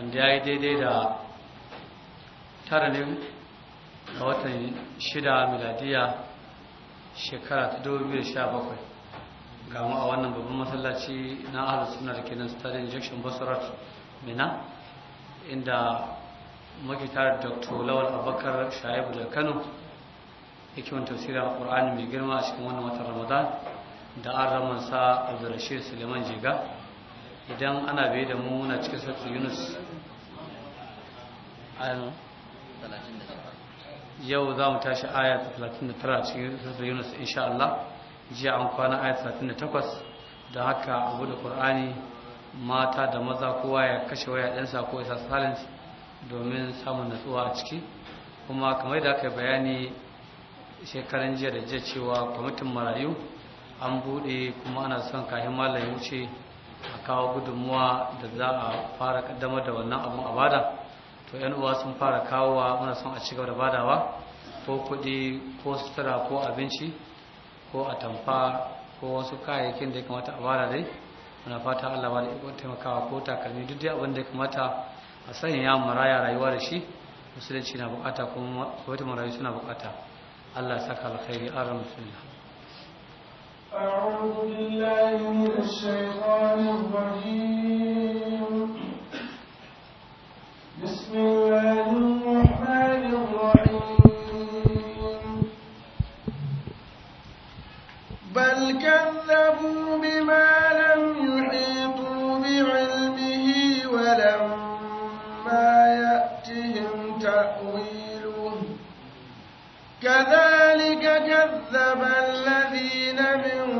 wanda ya yi daidai da taranin a watan shida miladiya shekara ta 2017 gamu a wannan babban masallaci na ahalar suna da kenan stadion injection basarat mina inda makitar dr lawal abakar shaibu da kano yake tausira a al'ur'ani mai girma a cikin wannan watan ramadan da an ramansa abdurrashid suleiman jiga idan ana bai da mu na cikin sarki yunus yau za mu tashi aya 39 cikin suratul yunus insha Allah jiya an kwana aya 38 da haka abu da Kur'ani, mata da maza kowa ya kashe waya ɗansa ko isa salins domin samun natsuwa a ciki kuma kamar da aka bayani shekaran jiya da jiya cewa kwamitin marayu an buɗe kuma ana son kahin malam wuce a kawo gudunmuwa da za a fara kaddamar da wannan abun abada. to yan uwa sun fara kawowa muna son a ci gaba da badawa ko kudi ko sutura ko abinci ko atamfa ko wasu kayayyakin da ya kamata a bada dai muna fata Allah bada ikon taimakawa ko takalmi duk dai abin da ya kamata a sanya maraya rayuwa da shi musulunci na bukata kuma wata marayu suna bukata Allah ya saka alkhairi a ran أعوذ بالله من الشيطان الرجيم بسم الله الرحمن الرحيم بل كذبوا بما لم يحيطوا بعلمه ولما يأتهم تأويله كذلك كذب الذين من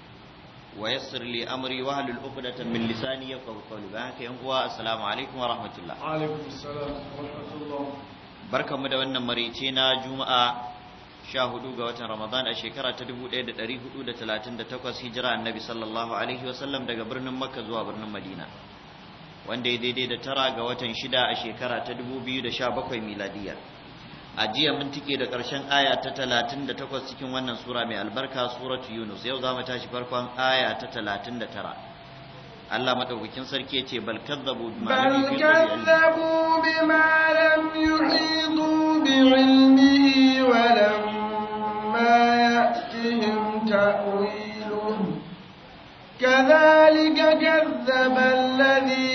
ويسر لي امري واهل العقدة من لساني يفقهوا قولي بارك يا السلام عليكم ورحمة الله وعليكم السلام ورحمة الله بركة wannan مريتينا جمعة sha hudu ga watan Ramadan a shekara ta dubu ɗaya da ɗari hudu da talatin da takwas hijira annabi sallallahu alaihi sallam, daga birnin Makka zuwa birnin Madina wanda ya daidai da tara ga watan shida a shekara ta dubu da sha bakwai miladiyya a jiya mun tike da ƙarshen aya ta 38 cikin wannan sura mai albarka suratu yunus yau zamu tashi farkon aya ta 39 Allah madaukakin sarki yace bal kadzabu bima lam yuhidu bima lam yuhidu bi ilmihi wa lam ma ya'tihim ta'wilun kadhalika kadzaba alladhi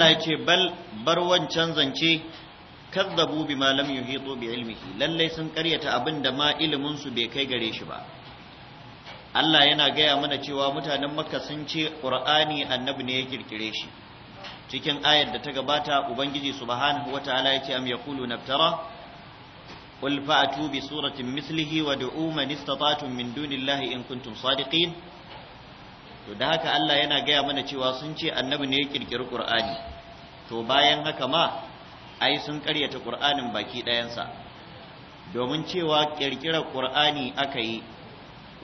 Allah ya ce bal bar wancan zance kazzabu bima lam yuhitu bi ilmihi lalle sun karyata abin da ma ilimin su bai kai gare shi ba Allah yana gaya mana cewa mutanen Makka sun ce Qur'ani annabi ne ya kirkire shi cikin ayar da ta gabata ubangiji subhanahu wataala ce am yaqulu naftara قل فأتوا بسورة مثله ودعوا من استطعتم من min dunillahi in كنتم Sadiqin. to da haka Allah yana gaya mana cewa sun ce annabi ne ya kirkiri Qur'ani to bayan haka ma ai sun karyata Qur'anin baki ɗayansa domin cewa kirkirar Qur'ani aka yi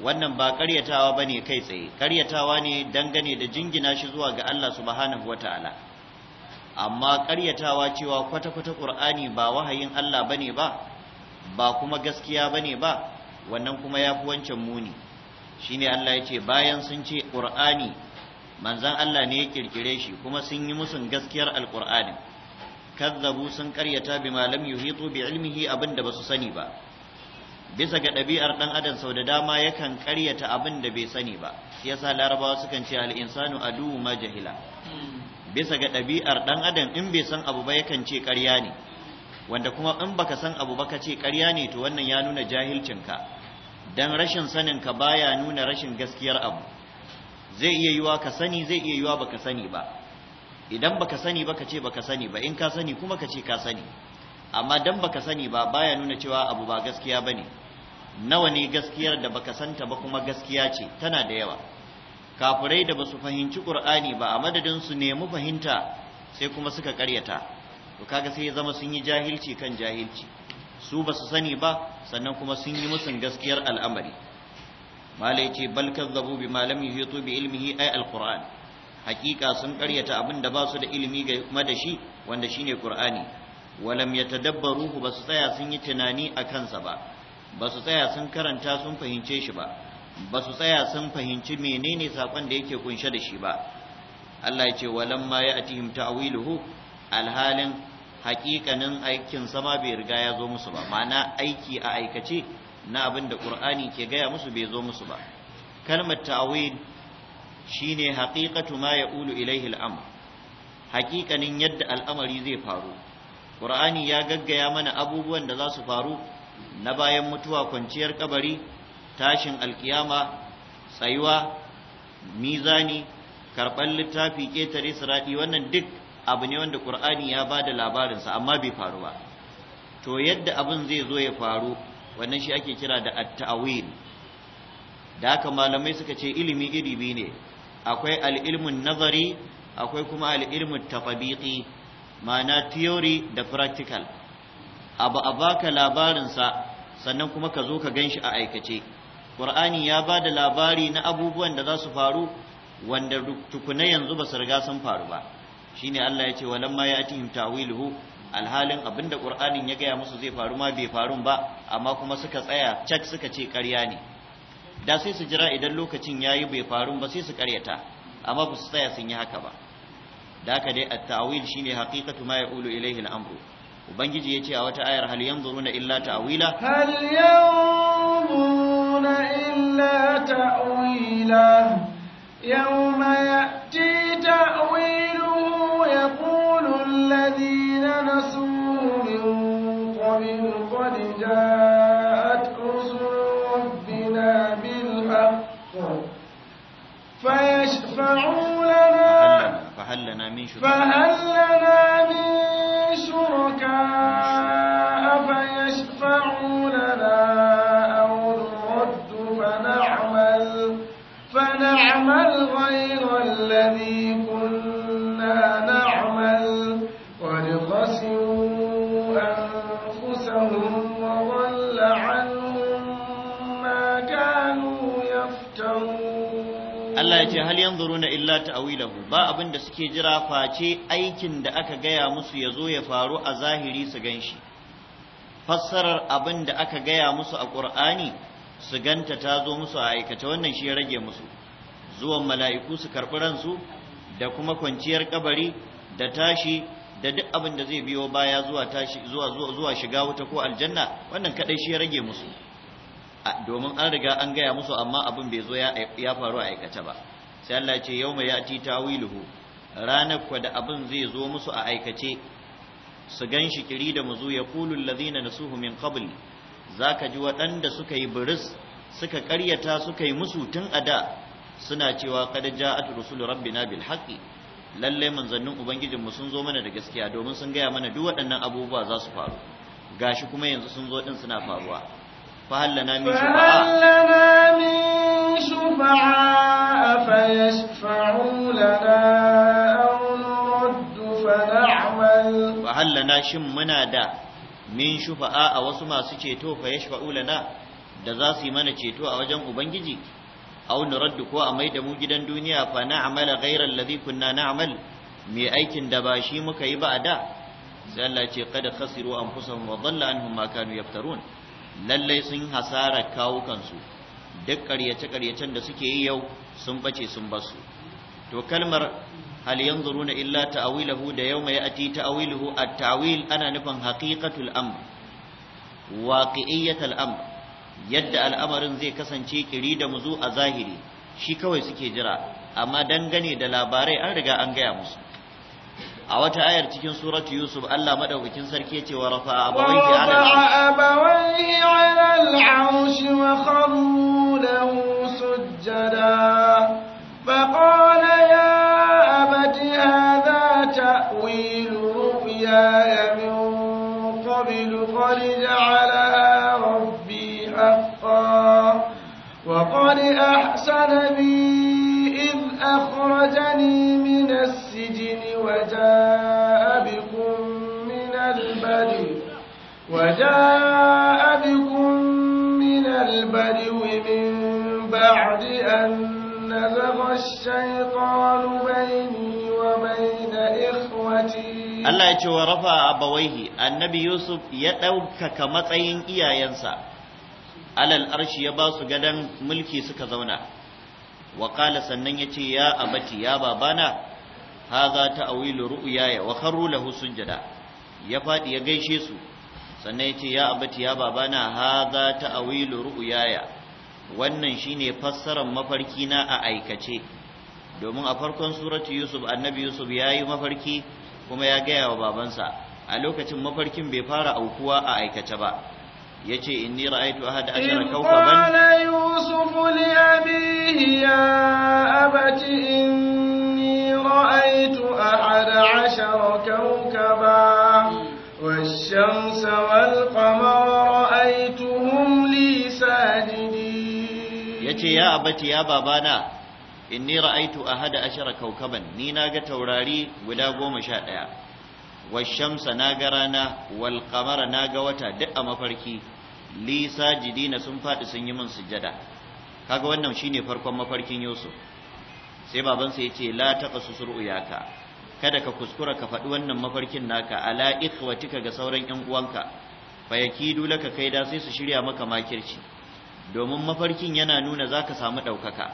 wannan ba karyatawa bane kai tsaye karyatawa ne dangane da jingina shi zuwa ga Allah subhanahu wataala amma karyatawa cewa kwata-kwata Qur'ani ba wahayin Allah bane ba ba kuma gaskiya bane ba wannan kuma yafi wancan muni Shi ne Allah ya ce bayan sun ce ƙur'ani, manzan Allah ne ya kirkire shi kuma sun yi musun gaskiyar Alƙur'ani. kazzabu sun karyata bi malam yuhitu bi ilmihi abinda basu sani ba bisa ga ɗabi'ar ɗan adam sau da dama yakan karyata abin da bai sani ba shi yasa larabawa sukan ce al insanu aduwwu ma jahila bisa ga ɗabi'ar ɗan adam in bai san abu ba yakan ce ƙarya ne wanda kuma in baka san abu ba ka ce karya ne to wannan ya nuna jahilcinka dan rashin sanin ka baya nuna rashin gaskiyar abu zai iya yiwa ka sani zai iya yiwa baka sani ba idan baka sani ba ka ce baka sani ba in ka sani kuma ka ce ka sani amma dan baka sani ba baya nuna cewa abu ba gaskiya bane nawa ne gaskiyar da baka santa ba kuma gaskiya ce tana da yawa Kafurai da basu fahimci qur'ani ba a madadin su nemi fahimta sai kuma suka karyata to kaga sai ya zama sun yi jahilci kan jahilci su ba su sani ba sannan kuma sun yi musun gaskiyar al'amari mala yace bal kazzabu bima lam yuhitu bi ilmihi ay alquran hakika sun karyata abin da ba su da ilimi ga da shi wanda shine qur'ani walam yatadabbaruhu ba su tsaya sun yi tunani a kansa ba ba su tsaya sun karanta sun fahimce shi ba ba su tsaya sun fahimci menene sakon da yake kunshe da shi ba Allah ya ce walamma ya'tihim ta'wiluhu alhalin haƙiƙanin aikin sama bai riga ya zo musu ba ma'ana aiki a aikace na abin da ƙur'ani ke gaya musu bai zo musu ba kalmar shi shine haƙiƙatu ma ya ulu ilaihi al'amr haƙiƙanin yadda al'amari zai faru ƙur'ani ya gaggaya mana abubuwan da za su faru na bayan mutuwa kwanciyar kabari tashin alkiyama tsayuwa mizani karɓar littafi ƙetare siraɗi wannan duk abu ne wanda qur'ani ya bada labarinsa amma bai faru ba to yadda abin zai zo ya faru wannan shi ake kira da at-ta'wil da haka malamai suka ce ilimi iri biyu ne akwai al-ilmun nazari akwai kuma al-ilmun tatabiqi ma'ana theory da practical abu a baka labarinsa sannan kuma ka zo ka ganshi a aikace qur'ani ya bada labari na abubuwan da za su faru wanda tukuna yanzu ba su riga sun faru ba Shi ne Allah ya ce ya ya'tihim ta'wiluhu alhalin abinda qur'anin ya gaya musu zai faru ma bai faru ba amma kuma suka tsaya cak suka ce ƙarya ne da sai su jira idan lokacin yayi bai faru ba sai su ƙaryata amma ba su tsaya sun yi haka ba da haka dai at-ta'wil shine haqiqatu ma ya'ulu ilayhi al-amru ubangiji ya ce a wata ayar hal yanzuruna illa ta'wila hal yanzuruna illa ta'wila yawma ya'ti ta'wil يَقُولُ الَّذِينَ نَسُوا مِن قَبْلُ قَدْ جَاءَتْ رُسُلُ رَبِّنَا بِالْحَقِّ فَيَشْفَعُوا لَنَا فَهَل لَّنَا مِن شُرَكَاءَ فَيَشْفَعُوا لَنَا أَوْ نُرَدُّ فَنَعْمَلَ فنعمل غَيْرَ الَّذِي Allah ya ce hal yanzuruna illa ta'wilahu ba abin da suke jira face aikin da aka gaya musu ya zo ya faru a zahiri su gan shi. fassarar abin da aka gaya musu a Qur'ani su ganta ta zo musu a aikata wannan shi ya rage musu zuwan mala'iku su karɓi ransu da kuma kwanciyar kabari da tashi da duk abin da zai biyo baya zuwa tashi zuwa zuwa shiga wuta ko aljanna wannan kadai shi ya rage musu domin an riga an gaya musu amma abin bai zo ya faru a aikace ba sai Allah ce yau mai yati tawiluhu ranar kwa da abin zai zo musu a aikace su gan shi kiri da muzu ya kulul ladina nasuhu min qabl zaka ji waɗanda suka yi buris, suka karyata suka yi musu tun a da suna cewa qad ja'at rusulu rabbina bil haqqi lalle manzannin ubangijinmu sun zo mana da gaskiya domin sun gaya mana duk waɗannan abubuwa za su faru gashi kuma yanzu sun zo din suna faruwa فهل لنا من شفعاء فهل لنا من شفعاء فيشفعوا لنا أو نرد فنعمل فهل لنا دا من شفعاء وسما فيشفعوا لنا da za su yi mana ceto a wajen Ubangiji, au nuraddu ko a mai da mu gidan duniya fa na amala gairar ladhi na amal mai aikin da ba shi muka yi ba a da, sai Allah ce kada khasiru anfusahum wa dhalla anhum ma kanu yaftarun lallai sun hasara kawo kansu duk ƙaryace-ƙaryacen da suke yi yau sun bace sun basu to kalmar hal yanzuruna illa ta'wiluhu da yawma ya'ti ta'wiluhu at-ta'wil ana nufin haqiqatul amr waqi'iyatul amr yadda al'amarin zai kasance kiri da muzu a zahiri shi kawai suke jira amma dangane da labarai an riga an gaya musu a wata ayar cikin suratu Yusuf Allah madaukakin sarki yace wa rafa abawayhi 'ala al-'arshi wa kharru lahu sujjada فقال يا أبت هذا تأويل رؤياي من وقد أحسن بي إذ أخرجني من السجن وجاء بكم من البدو وجاء بكم من البدو من بعد أن نزغ الشيطان بيني وبين إخوتي Allah ya ce wa rafa abawaihi annabi Yusuf ya ɗaukaka matsayin iyayensa alal arshi ya ba su gadon mulki suka zauna wa sannan ya ce ya abati ya babana hadha ta'wilu ru'yaya wa kharru lahu sujada ya fadi ya gaishe su sannan yace ya abati ya babana hadha ta'wilu ru'yaya wannan shine fassarar mafarki na a aikace domin a farkon suratu yusuf annabi yusuf yayi mafarki kuma ya gaya wa babansa a lokacin mafarkin bai fara aukuwa a aikace ba yace inni ra'aytu ahad ashara kawkaban yusuf li abihi abati in أحد عشر كوكبا والشمس والقمر رأيتهم لي ساجدين يتي يا أبتي يا kaukaban ni naga taurari guda goma sha ɗaya washamsa naga rana wal qamara naga wata duk a mafarki li sun faɗi sun yi min sujada kaga wannan shine farkon mafarkin yusuf sai babansa yace la taqasu sur'uyaka kada ka kuskura ka faɗi wannan mafarkin naka ala ikhwatika ga sauran ƴan uwanka fa ka kai da, sai su shirya maka makirci domin mafarkin yana nuna zaka samu ɗaukaka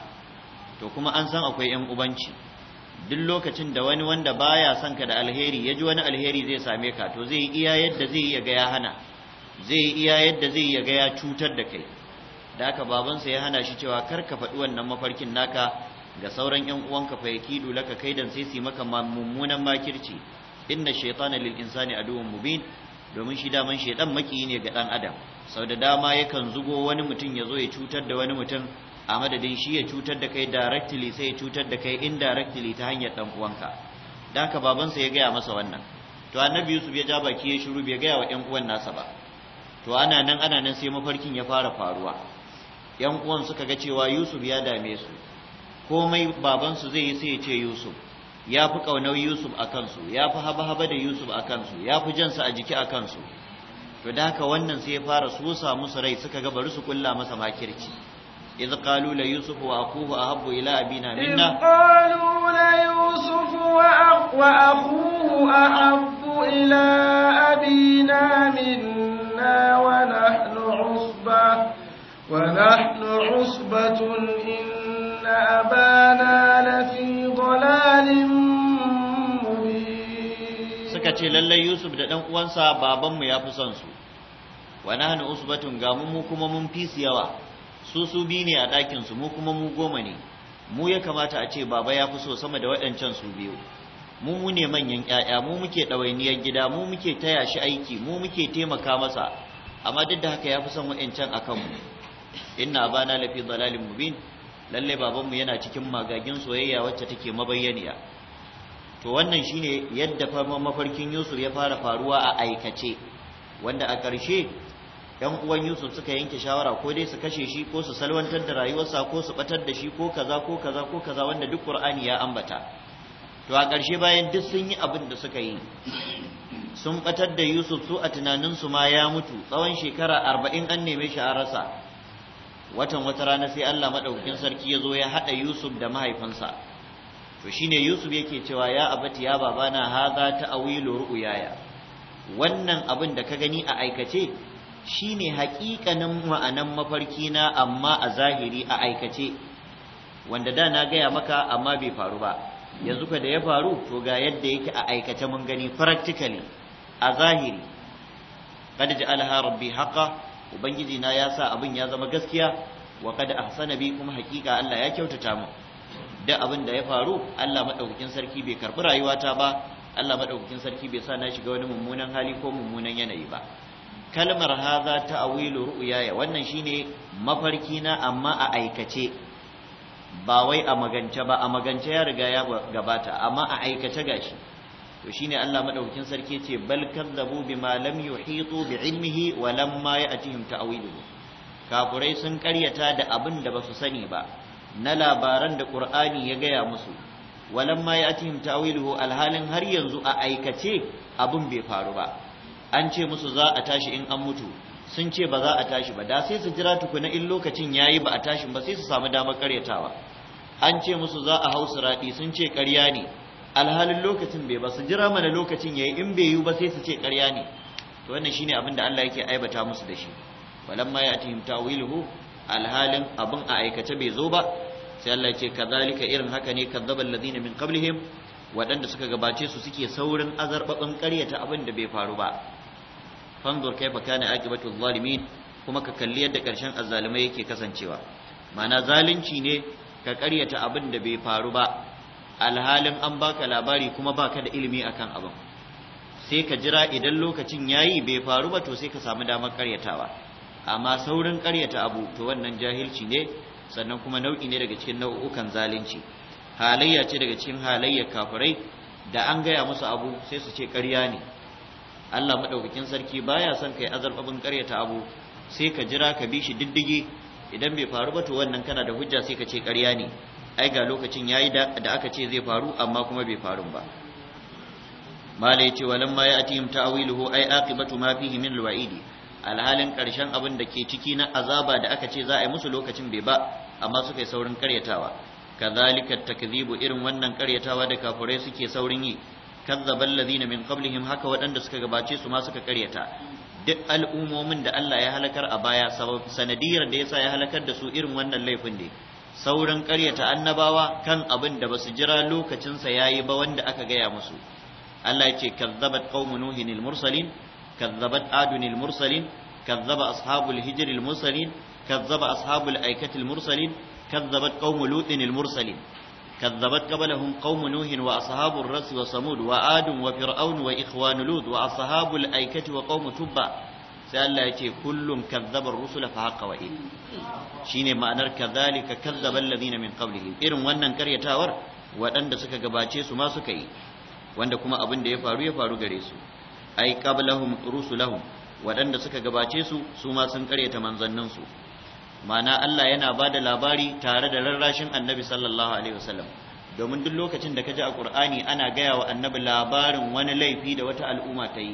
to kuma an san akwai ƴan ubanci duk lokacin da wani wanda baya son ka da alheri ya ji wani alheri zai same ka to zai iya yadda zai iya ga ya hana zai iya yadda zai ya ga ya cutar da kai da aka babansa ya hana shi cewa kar ka faɗi wannan mafarkin naka ga sauran yan uwanka fa yakidu laka kaidan sai su maka mummunan makirci inna shaytana lil insani aduwwun mubin domin shi daman shaydan maki ne ga dan adam sau da dama yakan zugo wani mutum ya zo ya cutar da wani mutum a madadin shi ya cutar da kai directly sai ya cutar da kai indirectly ta hanyar dan uwanka dan ka babansa ya gaya masa wannan to annabi yusuf ya ja baki ya shiru bai gaya wa yan uwan nasa ba to ana nan ana nan sai mafarkin ya fara faruwa yan uwan suka ga cewa yusuf ya dame su komai babansu zai yi sai ya ce yusuf ya fi ƙaunar yusuf a kansu ya fi haba-haba da yusuf a kansu ya fi jansa a jiki a kansu to da haka wannan sai ya fara susa musu rai suka ga bari su kulla masa makirci إذ قالوا ليوسف وأخوه أحب إلى أبينا منا إذ قالوا ليوسف وأخوه أحب إلى أبينا منا ونحن عصبة ونحن عصبة إن أبانا لفي ضلال مبين سكتي للي يوسف دعنا قوانسا بابا ميافسانسو ونحن أصبة قاموا mu من mun يوا su su biyu ne a ɗakinsu mu kuma mu goma ne mu ya kamata a ce baba ya fi so sama da waɗancan su biyu mu mu ne manyan ƴaƴa mu muke ɗawainiyar gida mu muke taya shi aiki mu muke taimaka masa amma duk da haka ya fi son waɗancan a kanmu inna bana lafi dalalin mubin Lallai babanmu yana cikin magagin soyayya wacce take mabayyaniya to wannan shine yadda mafarkin Yusuf ya fara faruwa a aikace wanda a ƙarshe ɗan uwan Yusuf suka yanke shawara ko dai su kashe shi ko su salwantar da rayuwarsa ko su batar da shi ko kaza ko kaza ko kaza wanda duk Qur'ani ya ambata to a ƙarshe bayan duk sun yi abin da suka yi sun batar da Yusuf su a tunaninsu ma ya mutu tsawon shekara arba'in an neme shi a rasa watan wata rana sai Allah madaukakin sarki ya zo ya hada Yusuf da mahaifinsa to shine Yusuf yake cewa ya abati ya babana haza ta'awilu ru'yaya wannan abin da ka gani a aikace shine haƙiƙanin ma'anan mafarki na amma a zahiri a aikace wanda da na gaya maka amma bai faru ba yanzu ka da ya faru to ga yadda yake a aikace mun gani practically a zahiri kada ji alha rabbi haqa ubangiji na ya sa abin ya zama gaskiya wa kada ahsana bi kuma hakika Allah ya kyautata mu da abin da ya faru Allah madaukakin sarki bai karbi rayuwata ba Allah madaukakin sarki bai sa na shiga wani mummunan hali ko mummunan yanayi ba kalmar hadha ta'wilu ru'yaya wannan shine mafarki na amma a aikace ba wai a magance ba a magance ya riga ya gabata amma a aikace gashi to shine Allah madaukakin sarki yace bal kadzabu bima lam yuhitu bi ilmihi wa lamma ya'tihim ta'wiluhu kafurai sun karyata da abin da basu sani ba na labaran da Qur'ani ya gaya musu wa lamma ya'tihim ta'wiluhu alhalin har yanzu a aikace abin bai faru ba an ce musu za a tashi in an mutu sun ce ba za a tashi ba da sai su jira tukuna in lokacin yayi ba a tashin ba sai su samu damar karyatawa an ce musu za a hausa raɗi sun ce ƙarya ne alhalin lokacin bai ba su jira mana lokacin yayi in bai yi ba sai su ce ƙarya ne to wannan shine abin da Allah yake aibata musu da shi ya yatihim ta'wiluhu alhalin abun a aikace bai zo ba sai Allah yake kazalika irin haka ne kadzabal ladina min qablihim waɗanda suka gabace su suke saurin azarbabin ƙaryata abin da bai faru ba fanzur kaifa kana aqibatu zalimin kuma ka kalli yadda karshen azzalumai yake kasancewa ma'ana zalunci ne ka ƙaryata abin da bai faru ba alhalin an baka labari kuma baka da ilimi akan abin sai ka jira idan lokacin yayi bai faru ba to sai ka samu damar karyatawa amma saurin karyata abu to wannan jahilci ne sannan kuma nau'i ne daga cikin nau'ukan zalunci halayya ce daga cikin halayyar kafirai da an gaya musu abu sai su ce ƙarya ne Allah madaukakin sarki baya son kai azabin ƙaryata abu sai ka jira ka bi shi diddigi idan bai faru ba to wannan kana da hujja sai ka ce ƙarya ne ai ga lokacin yayi da aka ce zai faru amma kuma bai faru ba malai ce ma ya atihim ta'wiluhu ai aqibatu ma fihi min alwa'idi alhalin karshen abin da ke ciki na azaba da aka ce za a yi musu lokacin bai ba amma suka yi saurin karyatawa kadhalika takdhibu irin wannan karyatawa da kafurai suke saurin yi kazzabal ladina min qablihim haka waɗanda suka gabace su ma suka karyata duk al'umomin da Allah ya halakar a baya sanadiyar da yasa ya halakar da su irin wannan laifin ne saurin ƙaryata annabawa kan abin da ba su jira lokacinsa ya yi ba wanda aka gaya musu Allah ya ce kazzabat qaumu nuhin mursalin kazzabat adun mursalin kazzaba ashabul hijr mursalin kazzaba ashabul aikati mursalin kazzabat qaumu lutin mursalin كذبت قبلهم قوم نوح وأصحاب الرس وصمود وآد وفرعون وإخوان لوط وأصحاب الأيكة وقوم تبع sai Allah ya ce kullum kazzabar rusula fa haqqa wa in shine ma'anar kadhalika kazzaba alladhina min qablihim irin wannan karyatawar waɗanda suka gabace su ma suka yi wanda kuma abin da ya faru ya faru gare su ai qablahum rusulahum waɗanda suka gabace su su ma sun karyata manzannin su ma'ana Allah yana ba da labari tare da rarrashin annabi sallallahu alaihi wasallam domin duk lokacin da ka ji a Qur'ani ana gaya wa annabi labarin wani laifi da wata al'umma ta yi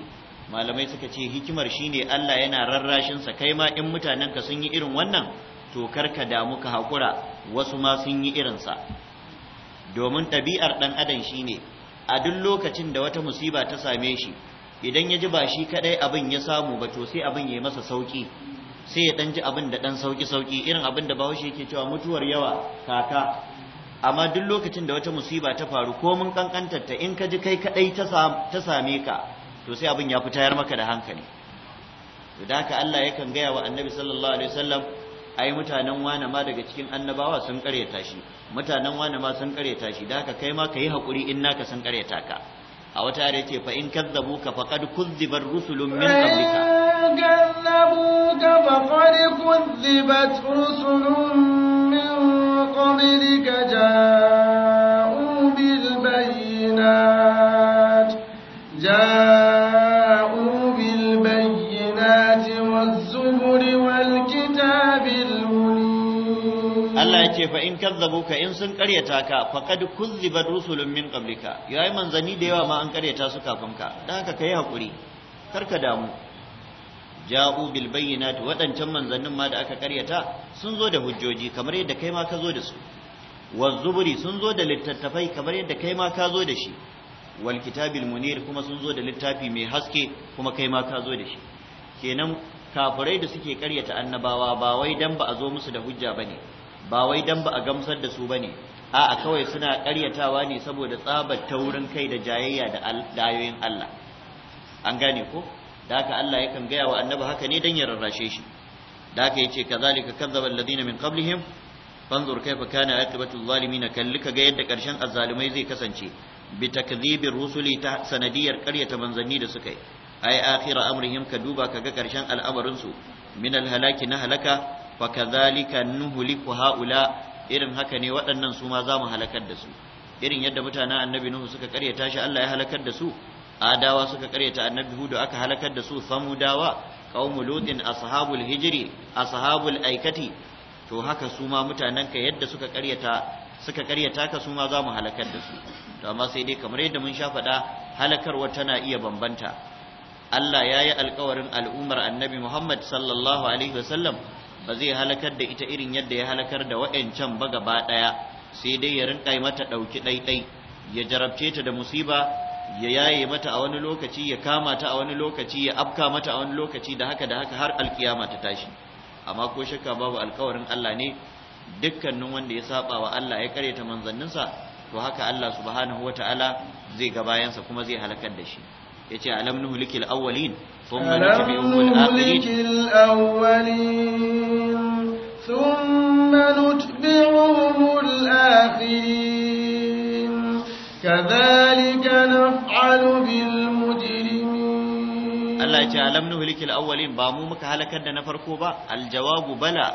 malamai suka ce hikimar shine Allah yana rarrashin sa kai ma in mutanen ka sun yi irin wannan to karka damu ka hakura wasu ma sun yi irin sa domin ɗabi'ar ɗan adam shine a duk lokacin da wata musiba ta same shi idan ya ji ba shi kadai abin ya samu ba to sai abin ya yi masa sauki sai ya dan ji abin da dan sauki sauki irin abin da bahaushe yake cewa mutuwar yawa kaka amma duk lokacin da wata musiba ta faru ko mun kankantar ta in ka ji kai kadai ta same ka to sai abin ya fi tayar maka da hankali to da haka Allah yakan gaya wa annabi sallallahu alaihi wasallam ai mutanen wane ma daga cikin annabawa sun karyata shi mutanen wane ma sun karyata shi da haka kai ma ka yi haƙuri in naka sun karyata ka a wata yare ce fa in ka faqad kuzzibar rusulun min qablika in ka faqad kuzzibat rusulun min qablika ja'u bil bayyinati ce fa in kazzabuka in sun karyata ka faqad kuzzibat rusulun min qablika yayi manzani da yawa ma an karyata su kafin ka dan haka kai hakuri karka damu ja'u bil bayyinat wadancan manzannin ma da aka karyata sun zo da hujjoji kamar yadda kai ma ka zo da su zuburi sun zo da littattafai kamar yadda kai ma ka zo da shi wal kitabil munir kuma sun zo da littafi mai haske kuma kai ma ka zo da shi kenan kafirai da suke karyata annabawa ba wai dan ba a zo musu da hujja bane ba wai dan ba a gamsar da su bane a'a kawai suna ƙaryatawa ne saboda tsabar taurin kai da jayayya da dayoyin Allah an gane ko da haka Allah yakan gaya wa annabi haka ne dan ya rarrashe shi da haka yace kazalika kazzaba alladhina min qablihim fanzur kaifa kana aqibatu adh-dhalimin kallika ga yadda karshen azzalimai zai kasance bi takdhibir rusuli ta sanadiyar ƙaryata manzanni da suka yi ai akhira amrihim ka duba kaga karshen al'amarin su min al-halaki na halaka fa kadhalika nuhliku haula irin haka ne waɗannan su ma za mu halakar da su irin yadda mutanen annabi nuhu suka karyata shi Allah ya halakar da su adawa suka ta annabi hudu aka halakar da su samudawa qaumu lutin ashabul hijri ashabul aikati to haka su ma mutanen ka yadda suka ta suka ta ka su ma za mu halakar da su to amma sai dai kamar yadda mun sha faɗa halakarwa tana iya bambanta Allah ya yi alkawarin al'ummar annabi Muhammad sallallahu alaihi wasallam ba zai halakar da ita irin yadda ya halakar da wa'ancan ba gaba ɗaya sai dai ya rinka yi mata ɗauki ɗaiɗai ya jarabce ta da musiba ya yaye mata a wani lokaci ya kama ta a wani lokaci ya afka mata a wani lokaci da haka da haka har alkiyama ta tashi amma ko shakka babu alkawarin Allah ne dukkanin wanda ya saba wa Allah ya karyata manzanninsa to haka Allah subhanahu wataala zai ga bayansa kuma zai halakar da shi yace alam nuhlikil awwalin ثم نتبعهم الآخرين ثم نتبعهم الآخرين كذلك نفعل بالمجرمين الله يجعل لم نهلك الأولين بامو مك هلكت دنا فرقو با الجواب بلى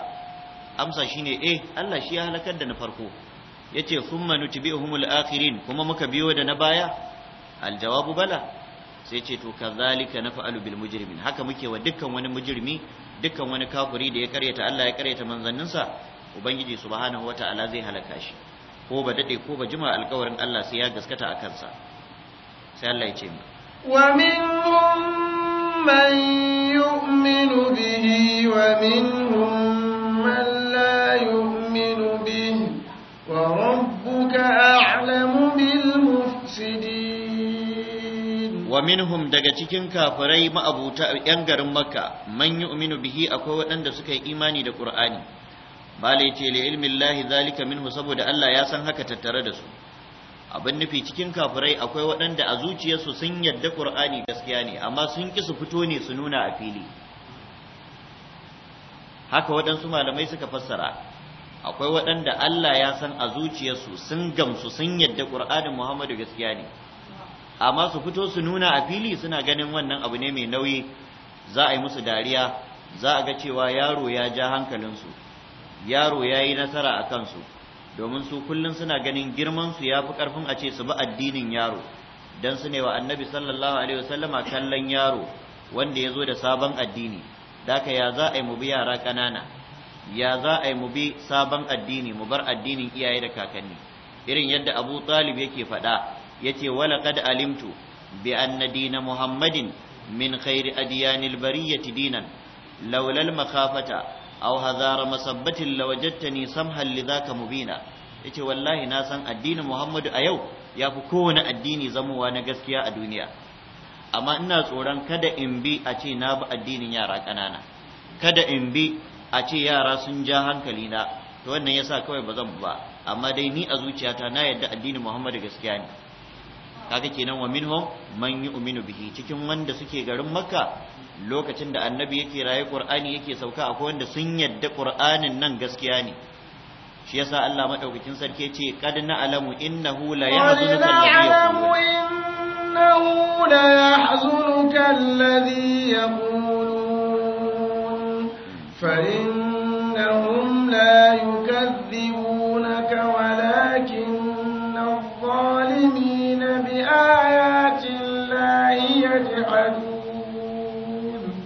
amsa shine eh Allah shi ya halakar da na farko yace thumma nutbi'uhumul akhirin kuma muka biyo da na baya aljawabu bala sai ce to kazalika naf'alu bil mujrimin haka muke wa dukkan wani mujrimi dukkan wani kafiri da ya karyata Allah ya karyata manzanninsa ubangiji subhanahu wata'ala zai halaka shi ko ba dade ko ba jima alƙawarin Allah sai ya gaskata a kansa sai Allah ya ce mu wa minhum man yu'minu bihi wa minhum man la yu'minu bihi wa rabbuka wa minhum daga cikin kafirai ma'abuta yan garin makka man yu'minu bihi akwai waɗanda suka yi imani da qur'ani bale ce li ilmi llahi zalika minhu saboda Allah ya san haka tattare da su abin nufi cikin kafirai akwai waɗanda a zuciyarsu sun yadda qur'ani gaskiya ne amma sun ki su fito ne su nuna a fili haka waɗansu malamai suka fassara akwai waɗanda Allah ya san a zuciyarsu sun gamsu sun yarda qur'ani Muhammadu gaskiya ne amma su fito su nuna a fili suna ganin wannan abu ne mai nauyi za a yi musu dariya za a ga cewa yaro ya ja hankalinsu yaro ya yi nasara a kansu domin su kullum suna ganin girmansu ya fi ƙarfin a ce su bi addinin yaro don su ne wa annabi sallallahu alaihi wasallama kallon yaro wanda ya zo da sabon addini daka ya za a yi mu bi yara ƙanana ya za a yi mu bi sabon addini mu bar addinin iyaye da kakanni irin yadda abu talib yake faɗa yace walaqad alimtu bi anna dina muhammadin min khairi adyanil bariyati dinan laula al makhafata aw hadara masabbatin lawajadtani samhan lidhaka mubina yace wallahi na san addinin muhammadu a yau yafi kowane addini zamowa na gaskiya a duniya amma ina tsoron kada in bi a ce na bi addinin yara ƙanana kada in bi a ce yara sun ja hankali na to wannan yasa kawai ba zan ba amma dai ni a zuciyata na yadda addinin muhammadu gaskiya ne kaga kenan wa minhum man yu'minu bihi cikin wanda suke garin makka lokacin da annabi yake raye qur'ani yake sauka akwai wanda sun yadda qur'anin nan gaskiya ne shi yasa Allah madaukakin sarki yace qad na'lamu innahu la yahzunuka alladhi yaqulun fa in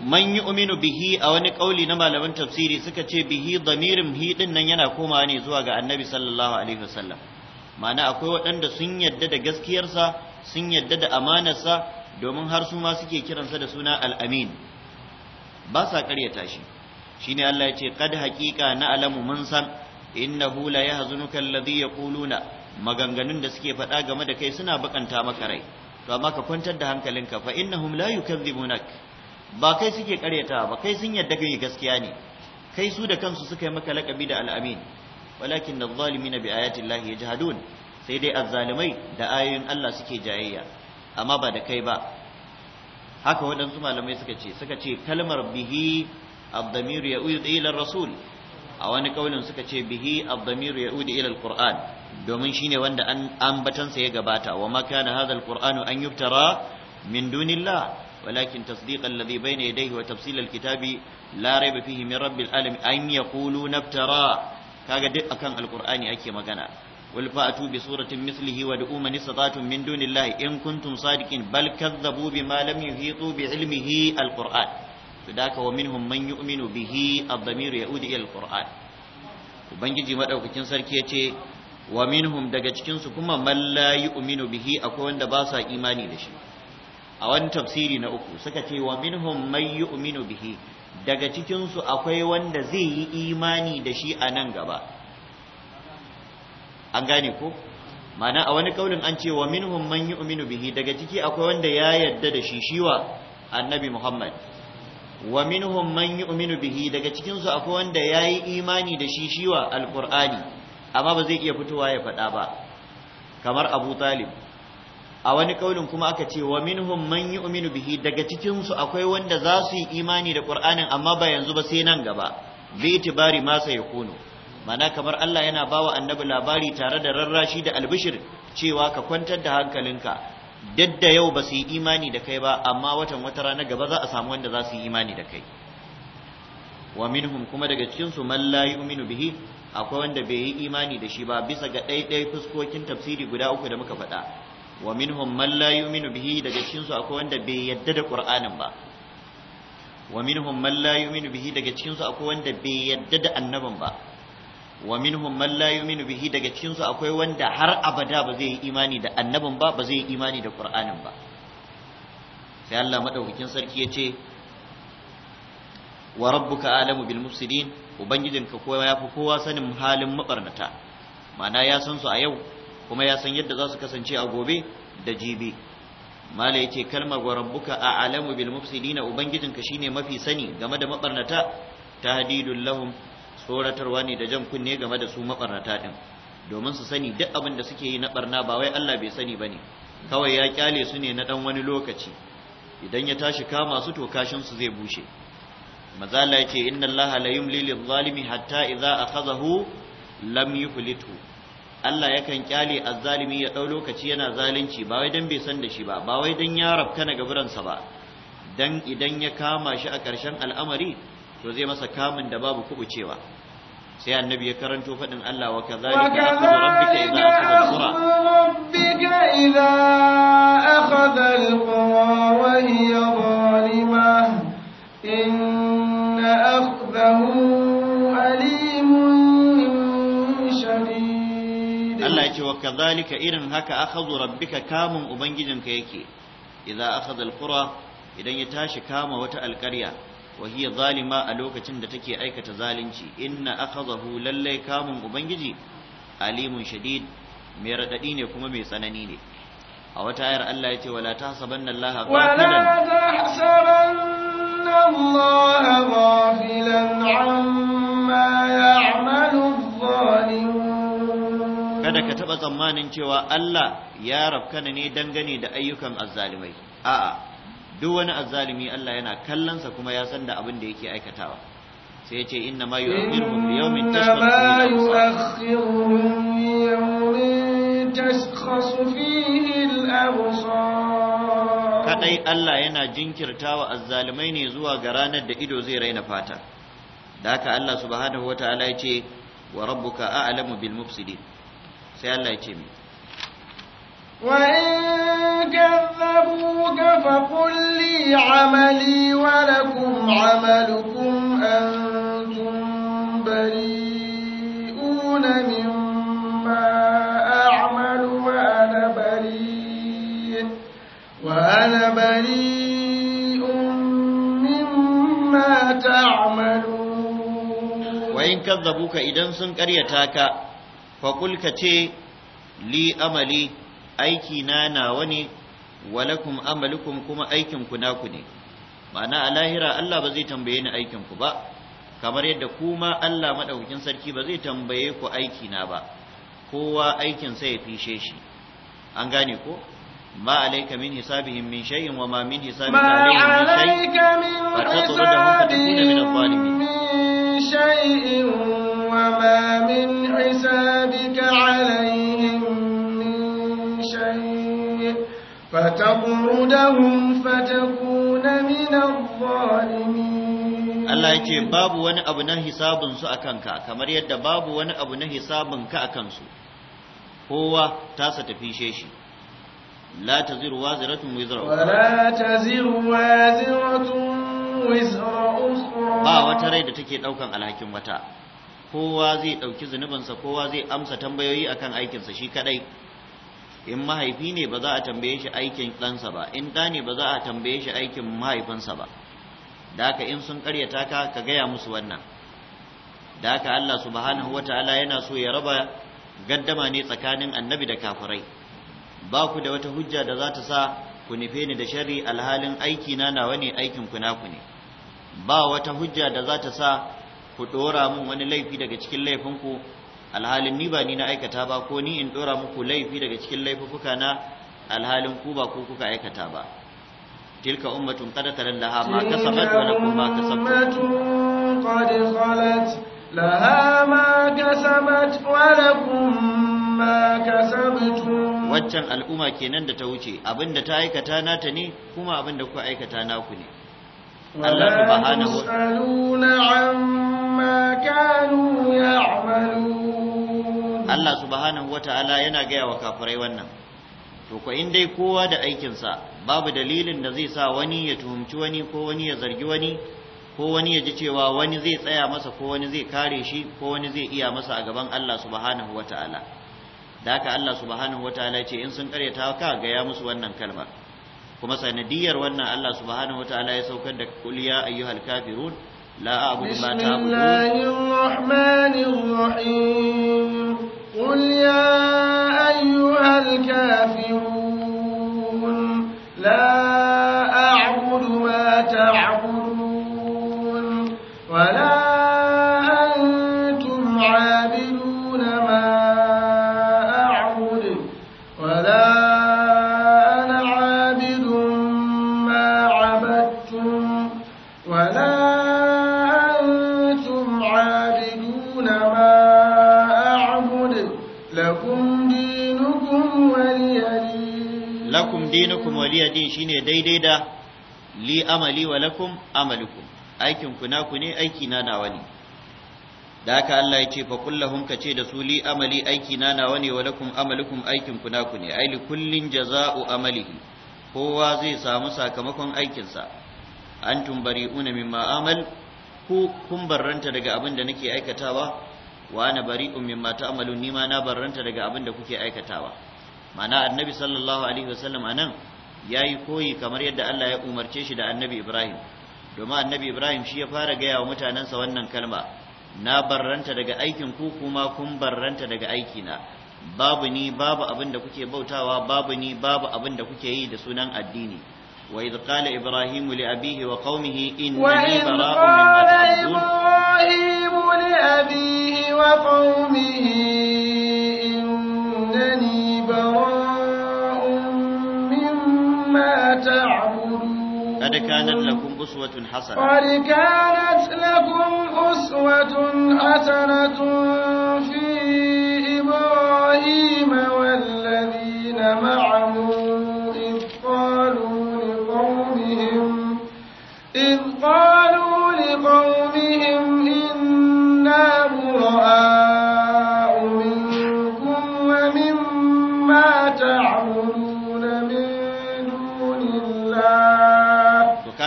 man uminu bihi a wani kauli na malaman tafsiri suka ce bihi damirin hi din nan yana komawa ne zuwa ga annabi sallallahu alaihi wasallam ma'ana akwai waɗanda sun yadda da gaskiyarsa sun yadda da amanarsa domin har su ma suke kiransa da suna al-amin ba sa ƙaryata shi ne Allah ya ce qad haqiqa na alamu mun san innahu la yahzunuka alladhi yaquluna maganganun da suke faɗa game da kai suna baƙanta maka rai to amma ka kwantar da hankalinka fa innahum la yukazzibunak ba kai suke karyata ba kai sun yadda kai gaskiya ne kai su da kansu suka yi maka lakabi da al'amin walakin adh na bi ayati llahi yajhadun sai dai azzalimai da ayoyin Allah suke jayayya amma ba da kai ba haka waɗansu malamai suka ce suka ce kalmar bihi ad ya ya'ud ila rasul a wani kaulin suka ce bihi ad ya ya'ud ila quran domin shine wanda an batansa sa ya gabata wa ma kana hadha quranu an yuftara min dunillah ولكن تصديق الذي بين يديه وتفصيل الكتاب لا ريب فيه من رب العالم أن يقولون افترى كاقد أكن القرآن أكي مغانا قل فأتوا بصورة مثله ودعوا من استطعتم من دون الله إن كنتم صادقين بل كذبوا بما لم يحيطوا بعلمه القرآن فذاك ومنهم من يؤمن به الضمير يعود إلى القرآن وبنجي مدعوكتين سركيتي wa minhum daga cikinsu kuma man la yu'minu bihi akwai wanda ba sa imani da shi a wani tafsiri na uku suka ce wa minhum may yu'minu bihi daga cikin su akwai wanda zai yi imani da shi a nan gaba an gane ko mana a wani kaulin an ce wa minhum man yu'minu bihi daga ciki akwai wanda ya yarda da shi shiwa annabi Muhammad wa minhum man yu'minu bihi daga cikin su akwai wanda yayi imani da shi shiwa alqur'ani amma ba zai iya fitowa ya faɗa ba kamar Abu Talib a wani kaulin kuma aka ce wa minhum man yu'minu bihi daga cikin su akwai wanda za su yi imani da Qur'anin amma ba yanzu ba sai nan gaba bi itibari ma sai yakunu mana kamar Allah yana bawa annabi labari tare da rarrashi da albishir cewa ka kwantar da hankalinka duk da yau ba su yi imani da kai ba amma watan wata rana gaba za a samu wanda za su yi imani da kai wa minhum kuma daga cikin su man la yu'minu bihi akwai wanda bai yi imani da shi ba bisa ga ɗaiɗai fuskokin tafsiri guda uku da muka faɗa wa minhum man la yu'minu bihi daga cikin su akwai wanda bai yadda da Qur'anin ba wa minhum man la yu'minu bihi daga cikin su akwai wanda bai yadda da annabin ba wa minhum man la yu'minu bihi daga cikin su akwai wanda har abada ba zai yi imani da annabin ba ba zai yi imani da Qur'anin ba sai Allah madaukakin sarki ya ce wa rabbuka alamu bil mufsidin ubangijinka kowa yafi kowa sanin halin mabarnata ma'ana ya san su a yau kuma ya san yadda za su kasance a gobe da jibi mala yace kalmar wa rabbuka a'lamu bil mufsidina ubangijinka shine mafi sani game da mabarnata tahdidul lahum tsoratarwa ne da jan kunne game da su mabarnata din domin su sani duk abin da suke yi na barna ba wai Allah bai sani bane kawai ya kyale su ne na dan wani lokaci idan ya tashi kama su to kashin su zai bushe mazala yace inna allaha la yumli lil zalimi hatta idza akhadhahu lam yuflithu Allah yakan kyale azzalimi ya dau lokaci yana zalunci ba wai dan bai san da shi ba ba wai dan ya rabka na gaburansa ba dan idan ya kama shi a ƙarshen al'amari to zai masa kamun da babu cewa. sai annabi ya karanto faɗin Allah wa kadhalika rabbika akhadha Allah ya ce wa kadhalika irin haka akhadhu rabbika kamun ubangijinka yake idza akhadha alqura idan ya tashi kama wata alqarya wa hiya zalima a lokacin da take aikata zalunci inna akhadahu lallai kamun ubangiji alimun shadid mai radadi ne kuma mai tsanani ne a wata ayar Allah ya ce wala tahsabanna Allah ghafilan wala amma ya'malu adh-dhalimun kada ka taɓa tsammanin cewa Allah ya rafkana ne dangane da ayyukan azzalimai a'a duk wani azzalimi Allah yana kallonsa kuma ya san da abin da yake aikatawa sai ya ce inna ma yu'akhiruhum li yawmin tashkhasu fihi al-absar kadai Allah yana jinkirtawa azzalimai ne zuwa ga ranar da ido zai raina fata da haka Allah subhanahu wataala ya ce wa rabbuka a'lamu bil mufsidin sai Allah ya ce mi وإن كذبوك فقل لي عملي ولكم عملكم أنتم بريئون مما أعمل وأنا بريء وأنا بريء مما تعملون وإن كذبوك إذا سنكريتاك faƙul ka ce li amali aiki na nawa ne walakum amalukum kuma aikinku ku ne ma'ana a lahira Allah ba zai tambaye ni aikinku ba kamar yadda kuma Allah maɗaukakin sarki ba zai tambaye ku aiki na ba kowa aikinsa ya fishe shi an gane ko ما min من حسابهم من wa وما min حسابك عليهم من شيء فتطردهم فتكون من min shay'in wa ma min hisabihim فتقردهم فتكون من الظالمين Allah ya ce babu wani abu na hisabinsu a kanka kamar yadda babu wani abu na hisabinka a kansu kowa tasa tafi shi la taziru waziratun wizra wala taziru waziratun wizra ukhra ba wata rai da take alhakin wata kowa zai ɗauki zunubinsa kowa zai amsa tambayoyi akan aikinsa shi kadai in mahaifi ne ba za a tambaye shi aikin ɗansa ba in ɗa ne ba za a tambaye shi aikin mahaifinsa ba da haka in sun karyata ka ka gaya musu wannan da haka Allah subhanahu Ta'ala yana so ya raba gaddama ne tsakanin annabi da kafirai ba ku da wata hujja da za ta sa ku nufe ni da shari alhalin aiki na nawa ne aikin ku naku ne ba wata hujja da za ta sa ku ɗora min wani laifi daga cikin laifinku alhalin ni ba ni na aikata ba ko ni in dora muku laifi daga cikin laifuka na alhalin ku ba ku kuka aikata ba tilka ummatun qad talallaha ma kasabat wa lakum ma kasabtum qad khalat laha ma kasabat wa lakum ma kasabtum waccan al'umma kenan da ta wuce abinda ta aikata nata ne kuma abinda ku aikata naku ne Allah subhanahu wa ta'ala amma kanu ya'malun Allah subhanahu wata'ala yana gaya wa kafirai wannan to ko in dai kowa da aikin sa babu dalilin da zai sa wani ya tuhumci wani ko wani ya zargi wani ko wani ya ji cewa wani zai tsaya masa ko wani zai kare shi ko wani zai iya masa a gaban Allah subhanahu wata'ala da haka Allah subhanahu wata'ala ce in sun karyata ka gaya musu wannan kalma, kuma sanadiyar wannan Allah subhanahu wata'ala ya saukar da kul ya ayyuhal kafirun la a'budu ma ta'budun bismillahir rahmanir rahim قل يا أيها الكافرون لا أعبد ما تعبدون ولا dinukum waliya din shine daidai da li amali wa lakum amalukum aikin ku naku ne aiki na nawa ne da haka Allah ya ce fa kullahum ka ce da su li amali aiki na nawa ne wa lakum amalukum aikin ku naku ne ai li kullin jaza'u amalihi kowa zai samu sakamakon aikinsa antum bari'una mimma amal ku kun barranta daga abin da nake aikatawa wa ana bari'un mimma ta'malun nima na barranta daga abin da kuke aikatawa ma'ana annabi sallallahu alaihi wasallam anan yayi koyi kamar yadda Allah ya umarce shi da annabi Ibrahim domin annabi Ibrahim shi ya fara gaya wa mutanensa wannan kalma na barranta daga aikin ku kuma kun barranta daga aikina babu ni babu abin da kuke bautawa babu ni babu abin da kuke yi da sunan addini wa idh qala Ibrahim li abihi wa qaumihi innani bara'un mimma ta'budun wa qaumihi innani قد كانت لكم أسوة حسنة قد كانت لكم أسوة حسنة في إبراهيم والذين معه إذ قالوا لقومهم إذ قالوا لقومهم إنا براء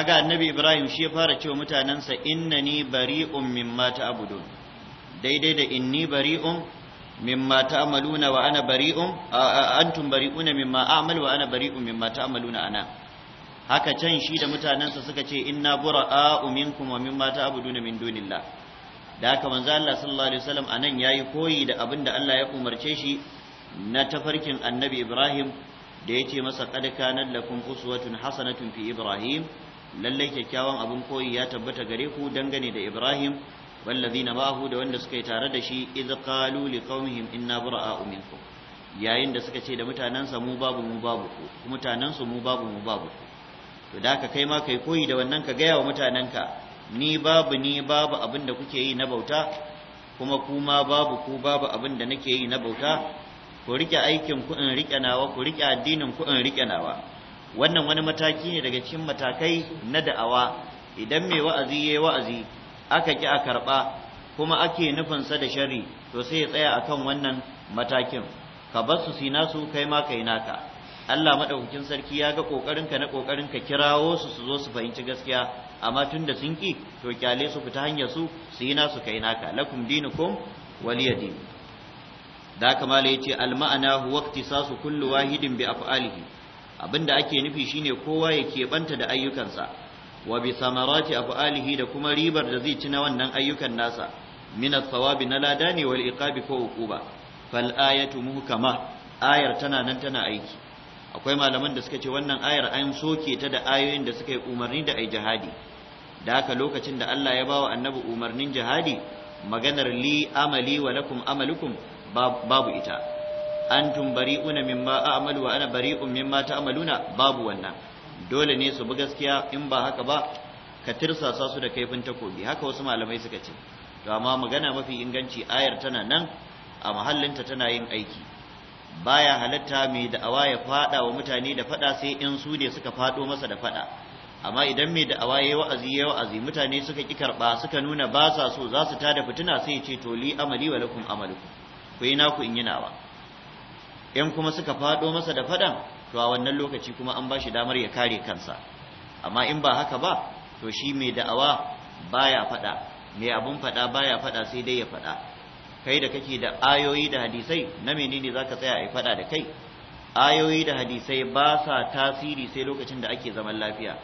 kaga annabi ibrahim shi ya fara cewa mutanensa innani bari'un mimma ta'budun daidai da inni bari'un mimma ta'maluna wa ana bari'un antum bari'una mimma a'mal wa ana bari'un mimma ta'maluna ana haka can shi da mutanensa suka ce inna bura'a'u minkum wa mimma ta'buduna min dunillah da haka manzo Allah sallallahu alaihi wasallam anan yayi koyi da abinda Allah ya umarce shi na tafarkin annabi ibrahim da ya ce masa kad kanan lakum uswatun hasanatun fi ibrahim lallai kyakkyawan abin koyi ya tabbata gare ku dangane da Ibrahim na ma'ahu da wanda suka yi tare da shi idh qalu liqaumihim inna bura'a'u minkum yayin da suka ce da mutanansa mu babu mu babu ku mutanansu mu babu mu babu ku to da ka kai ma kai koyi da wannan ka gaya wa mutanenka ni babu ni babu abin da kuke yi na bauta kuma kuma babu ku babu abin da nake yi na bauta ku rike aikin ku in rike nawa ku rike addinin ku in rike nawa wannan wani mataki ne daga cikin matakai na da'awa idan mai wa'azi yayi wa'azi aka ki a karba kuma ake nufin sa da sharri to sai ya tsaya akan wannan matakin ka bar su sina su kai ma kai naka Allah madaukakin sarki ya ga kokarin ka na kokarin ka kirawo su su zo su fahimci gaskiya amma tunda sun ki to kyale su fita hanyar su sina su kai naka lakum dinukum waliyadin da kamala yace al ma'ana huwa iktisasu kullu wahidin bi af'alihi abinda ake nufi shine kowa ya keɓanta da ayyukansa wa bi samarati af'alihi da kuma ribar da zai ci na wannan ayyukan nasa min thawabi na lada ne wal iqabi ko uquba fal ayatu muhkama ayar tana nan tana aiki akwai malaman da suka ce wannan ayar an soke ta da ayoyin da suka yi umarni da ai jihadi da haka lokacin da Allah ya bawa annabi umarnin jihadi maganar li amali wa lakum amalukum babu ita antum bari'una mimma a'malu wa ana bari'un mimma ta'maluna babu wannan dole ne su bi gaskiya in ba haka ba ka tirsasa su da kaifin takobi haka wasu malamai suka ce to amma magana mafi inganci ayar tana nan a mahallinta tana yin aiki baya halatta mai da'awa ya fada wa mutane da fada sai in su ne suka fado masa da fada amma idan mai da'awa ya wa'azi ya wa'azi mutane suka ki karba suka nuna ba sa so za su tada fitina sai ya ce to li amali wa lakum amalukum ku yi naku in yi nawa in kuma suka fado masa da fadan to a wannan lokaci kuma an bashi damar ya kare kansa amma in ba haka ba to shi mai da'awa baya fada mai abun fada baya fada sai dai ya fada kai da kake da ayoyi da hadisai na menene zaka tsaya a fada da kai ayoyi da hadisai ba sa tasiri sai lokacin da ake zaman lafiya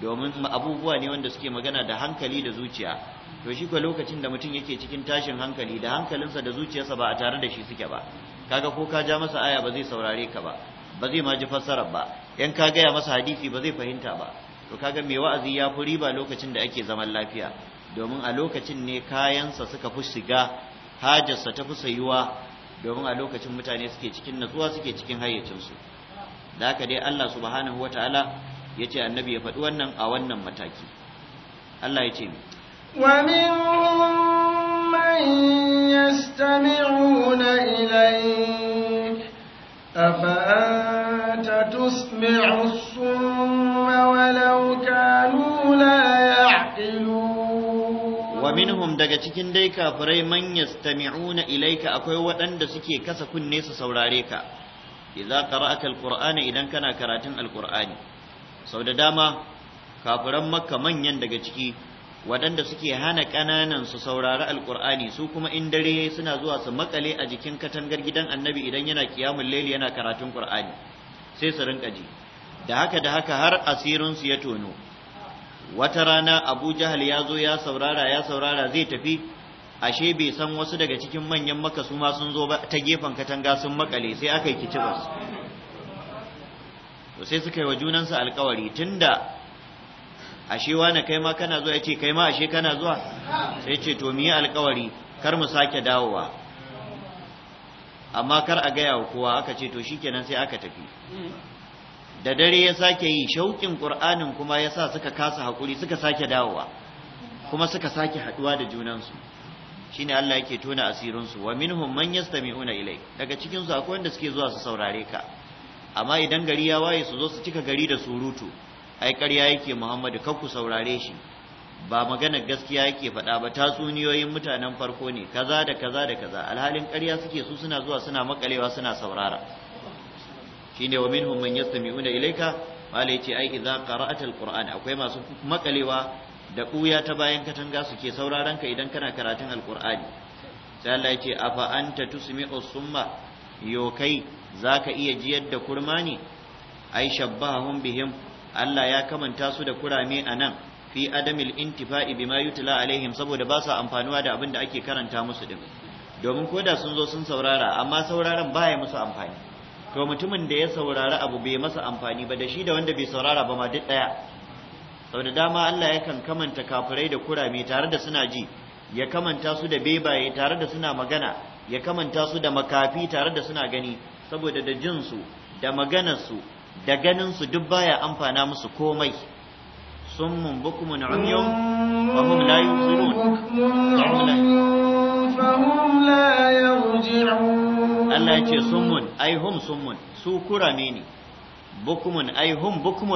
domin abubuwa ne wanda suke magana da hankali da zuciya to shi ko lokacin da mutum yake cikin tashin hankali da hankalinsa da zuciyarsa ba a tare da shi suke ba kaga ko ka ja masa aya ba zai saurare ka ba ba zai ma ji fassara ba in ka gaya masa hadisi ba zai fahimta ba to kaga mai wa'azi ya fi riba lokacin da ake zaman lafiya domin a lokacin ne kayansa suka fi shiga hajarsa ta fi sayuwa domin a lokacin mutane suke cikin natsuwa suke cikin hayyacinsu da haka dai Allah subhanahu wataala ya ce annabi ya faɗi wannan a wannan mataki Allah ya ce min يسمعوا الصم ولو كانوا لا يعقلون ومنهم daga cikin dai kafirai man yastami'una ilayka akwai waɗanda suke kasa kunne su saurare ka idza qara'aka alqur'ana idan kana karatun alqur'ani sau da dama kafiran makka manyan daga ciki waɗanda suke hana ƙananan su saurari alƙur'ani su kuma in dare suna zuwa su makale a jikin katangar gidan annabi idan yana kiyamun laili yana karatun ƙur'ani sai su rinka ji da haka da haka har asirinsu ya tono wata rana abu jahal ya zo ya saurara ya saurara zai tafi ashe bai san wasu daga cikin manyan maka su ma sun zo ta gefen katanga sun makale sai aka yi kicibas to sai suka yi wa junansu alkawari tunda ashe wani kai ma kana zuwa ya ce kai ma ashe kana zuwa sai ce to mu yi alkawari kar mu sake dawowa amma kar a gaya wa kowa aka ce to shikenan sai aka tafi da dare ya sake yi shauƙin ƙur'anin kuma ya sa suka kasa hakuri suka sake dawowa kuma suka sake haɗuwa da junansu shine Allah yake tona asirin su wa minhum man yastami'una ilai daga cikin su akwai wanda suke zuwa su saurare ka amma idan gari ya waye su zo su cika gari da surutu ai ƙarya yake Muhammadu kar ku saurare shi ba magana gaskiya yake faɗa ba tatsuniyoyin mutanen farko ne kaza da kaza da kaza alhalin ƙarya suke su suna zuwa suna makalewa suna saurara shine wa minhum man yastami'una ilayka wala yace ai idza qara'atal qur'an akwai masu makalewa da ɓuya ta bayan katanga suke sauraron ka idan kana karatun alqur'ani sai Allah yace afa anta tusmi'u summa yokai za zaka iya jiyar da kurma ne ai shabbahum bihim Allah ya kamanta su da kurame anan fi adamil intifa'i bima yutla alaihim saboda ba su amfanuwa da abin da ake karanta musu din domin koda sun zo sun saurara amma sauraron baya musu amfani to mutumin da ya saurara abu bai masa amfani ba da shi da wanda bai saurara ba ma duk daya Saboda dama Allah ya kan kamanta kafirai da kurame tare da suna ji ya kamanta su da bebaye tare da suna magana ya kamanta su da makafi tare da suna gani saboda da jin su da maganar su da ganinsu duk baya amfana musu komai صم بكم عمي فهم لا يبصرون فهم لا يرجعون الله يجي صم أي هم صم سو كرميني بكم أي هم بكم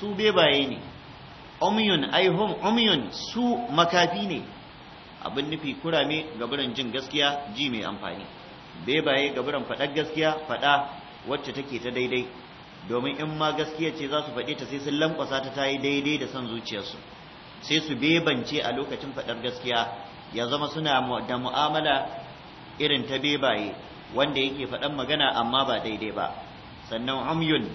سو بيبايني أمي أي هم أمي سو مكافيني abin nufi kurame gaburan jin gaskiya ji mai amfani bebaye gaburan faɗar gaskiya faɗa wacce take ta daidai domin in ma gaskiya ce za su faɗe ta sai sun lankwasa ta tayi daidai da son zuciyarsu sai su bebance a lokacin faɗar gaskiya ya zama suna da mu'amala irin ta bebaye wanda yake faɗan magana amma ba daidai ba sannan umyun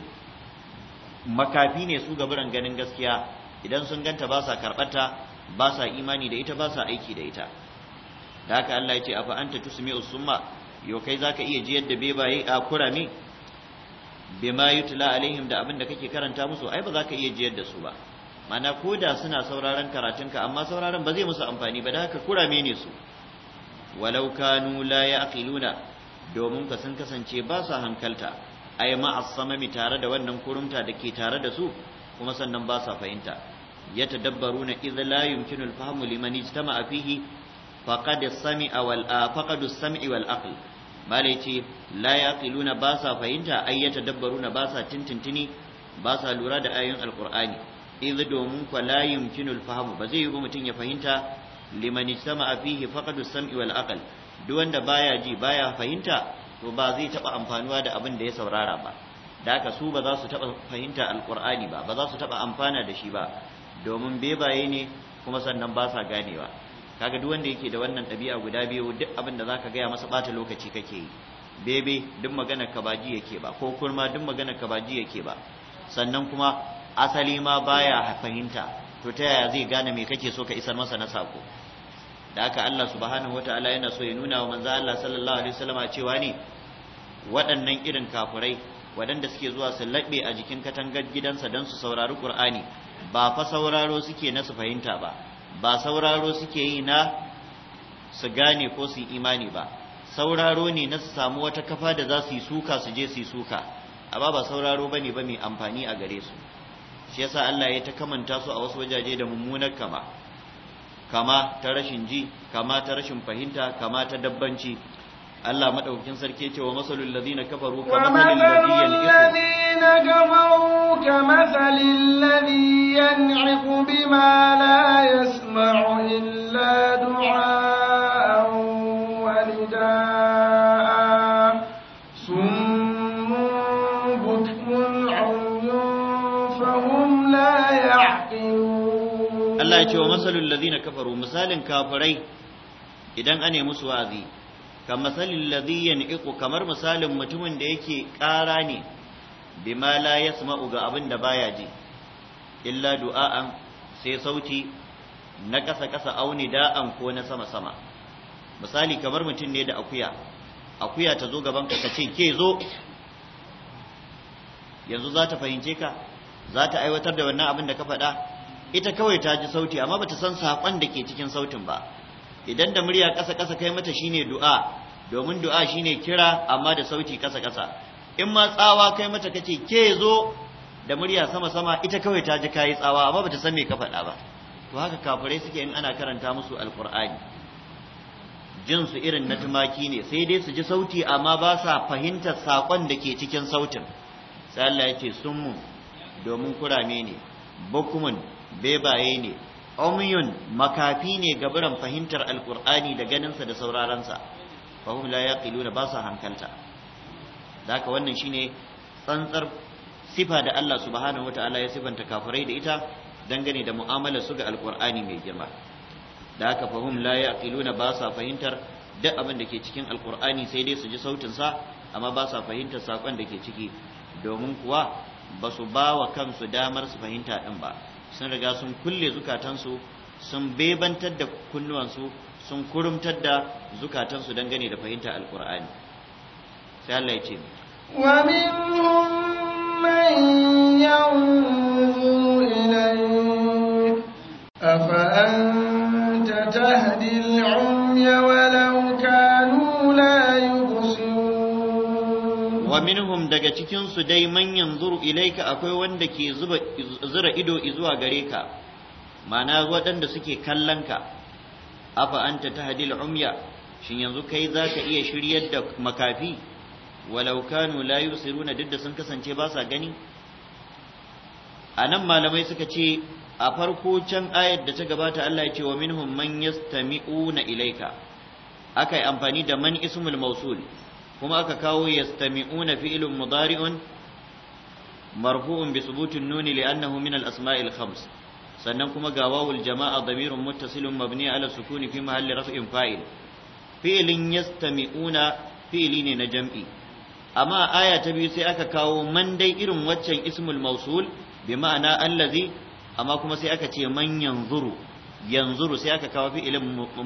makafi ne su gaburan ganin gaskiya idan sun ganta ba sa karɓata ba sa imani da ita ba sa aiki da ita da haka Allah ya ce afa anta tusmi'us summa yo kai zaka iya jiyar da bebaye a kurami bima yutla alaihim da abin da kake karanta musu ai ba za ka iya jiyar da su ba mana koda suna sauraron karatunka amma sauraron ba zai musu amfani ba da haka kurame ne su walau kanu la yaqiluna domin ka sun kasance ba sa hankalta ai ma ma'as-samami tare da wannan kurumta da ke tare da su kuma sannan ba sa fahimta yatadabbaruna idza la yumkinu al-fahmu liman ijtama'a fihi faqad as-sami'a wal faqad as-sam'i wal aql malai ce la yaqiluna ba sa fahimta ay na ba sa tintintini ba sa lura da ayoyin alqur'ani idh domin kwa la yumkinu alfahamu ba zai yi ba mutun ya fahimta liman istama'a fihi faqadu sam'i wal aql duk wanda baya ji baya fahimta to ba zai taba amfanuwa da abin da ya saurara ba da haka su ba za su taba fahimta alqur'ani ba ba za su taba amfana da shi ba domin bebaye ne kuma sannan ba sa ganewa kaga duk wanda yake da wannan ɗabi'a guda biyu duk abin da zaka gaya masa bata lokaci kake yi bebe duk magana ka baji yake ba ko kurma duk magana ka baji yake ba sannan kuma asali ma baya fahimta to ta yaya zai gane me kake so ka isar masa na sako da haka Allah subhanahu wataala yana so ya nuna wa manzo Allah sallallahu alaihi wasallama cewa ne waɗannan irin kafurai waɗanda suke zuwa su laɓe a jikin katangar gidansa don su saurari Kur'ani, ba fa sauraro suke na su fahimta ba ba sauraro suke yi na su gane ko su imani ba sauraro ne na su samu wata kafa da za su yi suka su je su yi suka amma ba sauraro ba ne ba mai amfani a gare su shi yasa Allah ya ta kamanta su a wasu wajaje da mummunar kama kama ta rashin ji kama ta rashin fahimta kama ta dabbanci Allah madaukakin sarki ce wa masalul ladina kafaru kamasalil ladina kafaru kamasalil ladhi yan'iqu bima la yasma'u illa du'a'an wa nidaa'a summun bukmun 'umyun fahum la ya'qilun Allah ya ce wa masalul ladina kafaru misalin kafirai idan ane musu wa'azi ka masalin iku kamar misalin mutumin da yake ƙara ne bima la yasma'u ga abin da baya ji illa du'a'an sai sauti na ƙasa ƙasa auni da'an ko na sama sama misali kamar mutum ne da akuya akuya ta zo gaban ka ce ke zo yanzu za ta fahimce ka za ta aiwatar da wannan abin da ka faɗa ita kawai ta ji sauti amma bata san saƙon da ke cikin sautin ba idan da murya ƙasa ƙasa kai mata shine du'a domin du'a shine kira amma da sauti kasa kasa in ma tsawa kai mata kace ke zo da murya sama sama ita kawai ta ji kai tsawa amma bata san me ka faɗa ba to haka kafirai suke in ana karanta musu alqur'ani jin su irin na tumaki ne sai dai su ji sauti amma ba sa fahimtar sakon da ke cikin sautin sai Allah ya ce domin kurame ne bukumun bebaye ne umyun makafi ne gaburan fahimtar alqur'ani da ganinsa da sauraron sa. fa hum la ba sa hankalta da haka wannan shine tsantsar sifa da Allah subhanahu Ta'ala ya sifanta kafirai da ita dangane da mu'amalar su ga Alƙur'ani mai girma da haka fahim hum la ba sa fahimtar duk abin da ke cikin Alƙur'ani sai dai su ji sautin sa amma ba sa fahimtar saƙon da ke ciki domin kuwa ba su ba wa kansu damar su fahimta ɗin ba sun riga sun kulle zukatansu sun bebantar da kunnuwansu sun kurumtar da zukatansu dangane da fahimta alkur'ani sai Allah ya ce wa minhum man tahdi walau kanu la wa minhum daga cikin su dai manyan yanzuru ilayka akwai wanda ke zura ido zuwa gare ka ma'ana waɗanda suke kallon ka afa anta tahdil umya shin yanzu kai zaka iya shiryar da makafi walau kanu la yusiruna duk da sun kasance ba sa gani anan malamai suka ce a farko can ayar da ta gabata Allah ya ce wa minhum man yastami'una ilaika akai amfani da man ismul mausul kuma aka kawo yastami'una fi'lun mudari'un marfu'un bi thubutin nun li'annahu min al-asma'il khams sannan kuma ga wawul jama'a damirun muttasilun mabni ala sukuni fi mahalli raf'in fa'il fi'lin yastami'una fi'ili ne na jam'i amma aya ta biyu sai aka kawo man dai irin waccan ismul mausul bi ma'ana allazi amma kuma sai aka ce man yanzuru yanzuru sai aka kawo fi'lin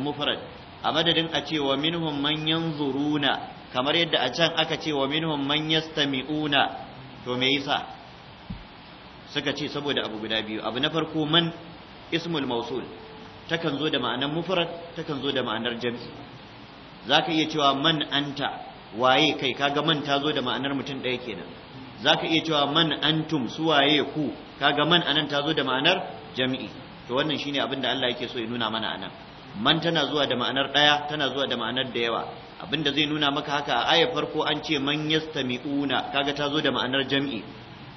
mufrad a madadin a ce wa minhum man yanzuruna kamar yadda a can aka ce wa minhum man yastami'una to me yasa suka ce saboda abu guda biyu abu na farko man ismul mausul takan zo da ma'anar mufrad takan zo da ma'anar jam'i zaka iya cewa man anta waye kai kaga man ta zo da ma'anar mutum ɗaya kenan zaka iya cewa man antum su waye ku kaga man anan ta zo da ma'anar jam'i to wannan shine abin da Allah yake so ya nuna mana anan man tana zuwa da ma'anar ɗaya tana zuwa da ma'anar da yawa abinda zai nuna maka haka a ayar farko an ce man yastami'una kaga ta zo da ma'anar jam'i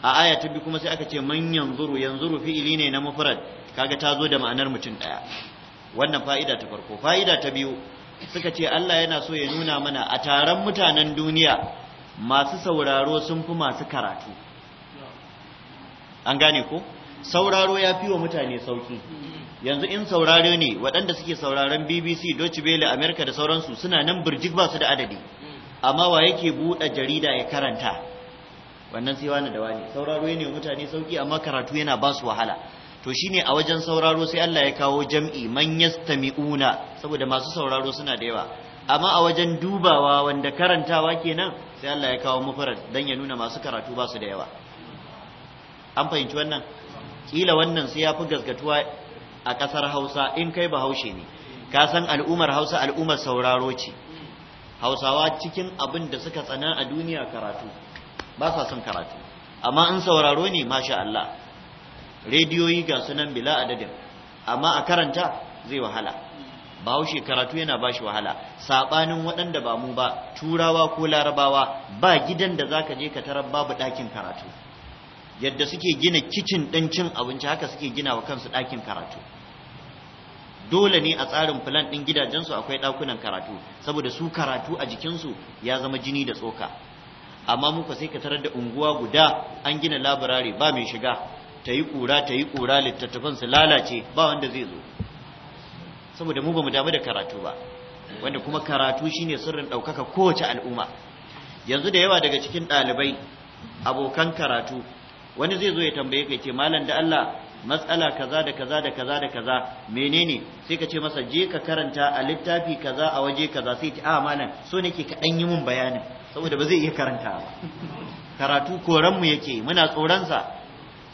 a aya ta bi kuma sai aka ce man yanzuru yanzuru fi'ili ne na mufrad kaga ta zo da ma'anar mutum daya wannan fa'ida ta farko fa'ida ta biyu suka ce Allah yana so ya nuna mana a taron mutanen duniya masu sauraro sun fi masu karatu an gane ko sauraro ya fi wa mutane sauki yanzu in saurare ne waɗanda suke sauraron BBC Deutsche Welle America da sauransu suna nan birjik ba su da adadi amma wa yake buɗe jarida ya karanta wannan sai wani da wani sauraro ne mutane sauki amma karatu yana ba su wahala to shine a wajen sauraro sai Allah ya kawo jam'i man yastami'una saboda masu sauraro suna da yawa amma a wajen dubawa wanda karantawa kenan sai Allah ya kawo mufarad dan ya nuna masu karatu ba su da yawa an fahimci wannan kila wannan sai ya fi gaskatuwa a kasar Hausa in kai Bahaushe ne ka san al'ummar Hausa al'ummar sauraro ce Hausawa cikin abin da suka tsana a duniya karatu ba sa son karatu amma in sauraro ne masha Allah rediyoyi ga sunan bila adadin amma a karanta zai wahala bahaushe karatu yana ba shi wahala Saɓanin waɗanda ba mu ba turawa ko larabawa ba gidan da zaka je ka tarar babu ɗakin karatu yadda suke gina kicin ɗin cin abinci haka suke gina wa kansu ɗakin karatu dole ne a tsarin filan ɗin gidajensu akwai ɗakunan karatu saboda su karatu a jikinsu ya zama jini da tsoka amma muka sai ka tarar da unguwa guda an gina labarare ba mai shiga ta yi ƙura ta yi ƙura, littattafan su lalace ba wanda zai zo saboda mu ba mu damu da karatu ba wanda kuma karatu shine sirrin ɗaukaka kowace al'umma yanzu da yawa daga cikin ɗalibai abokan karatu wani zai zo ya tambaye ka ce malam da Allah matsala kaza da kaza da kaza da kaza menene sai ka ce masa je ka karanta a littafi kaza a waje kaza sai ta a malam so nake ka ɗan yi mun bayanin saboda ba zai iya karanta ba karatu koranmu yake muna tsoronsa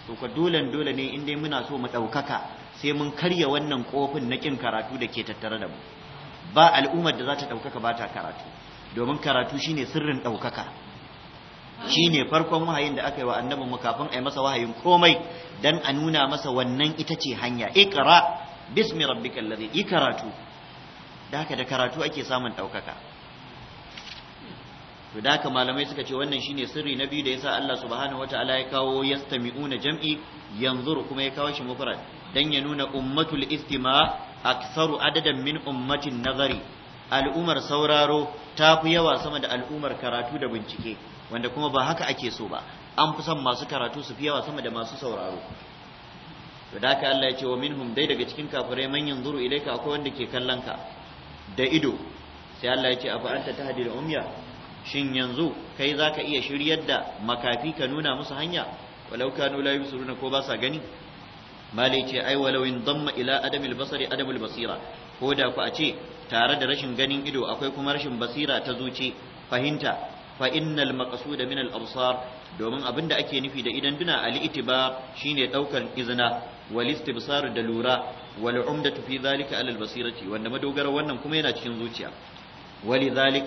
to ka dole dole ne in dai muna so mu ɗaukaka sai mun karya wannan kofin na ƙin karatu da ke tattare da mu ba al'ummar da za ta ɗaukaka ba ta karatu domin karatu shine sirrin ɗaukaka shine farkon wahayin da aka yi wa annabin mu kafin a yi masa wahayin komai dan a nuna masa wannan ita ce hanya iqra bismi rabbikal ladhi ikaratu da haka da karatu ake samun ɗaukaka to da haka malamai suka ce wannan shine sirri na biyu da yasa Allah subhanahu wataala ya kawo yastami'una jam'i yanzur kuma ya kawo shi mufrad dan ya nuna ummatul istima aksaru adadan min ummatin nazari al'umar sauraro ta fi yawa sama da al'umar karatu da bincike wanda kuma ba haka ake so ba an fi son masu karatu su fi yawa sama da masu sauraro to da haka Allah ya ce wa minhum dai daga cikin kafirai man yanzuru ilayka akwai wanda ke kallon ka da ido sai Allah ya ce afa anta tahdil umya shin yanzu kai za ka iya shiryar da makafi ka nuna musu hanya walau kanu yi yubsiruna ko ba sa gani mali ce ai walau in damma ila adamil basari adamul basira ko da ku a ce tare da rashin ganin ido akwai kuma rashin basira ta zuci fahimta fa innal maqsuda min al absar domin abinda ake nufi da idan duna al itiba shine ɗaukar izina wal istibsar da lura wal umdatu fi zalika al basirati wanda madogara wannan kuma yana cikin zuciya ولذلك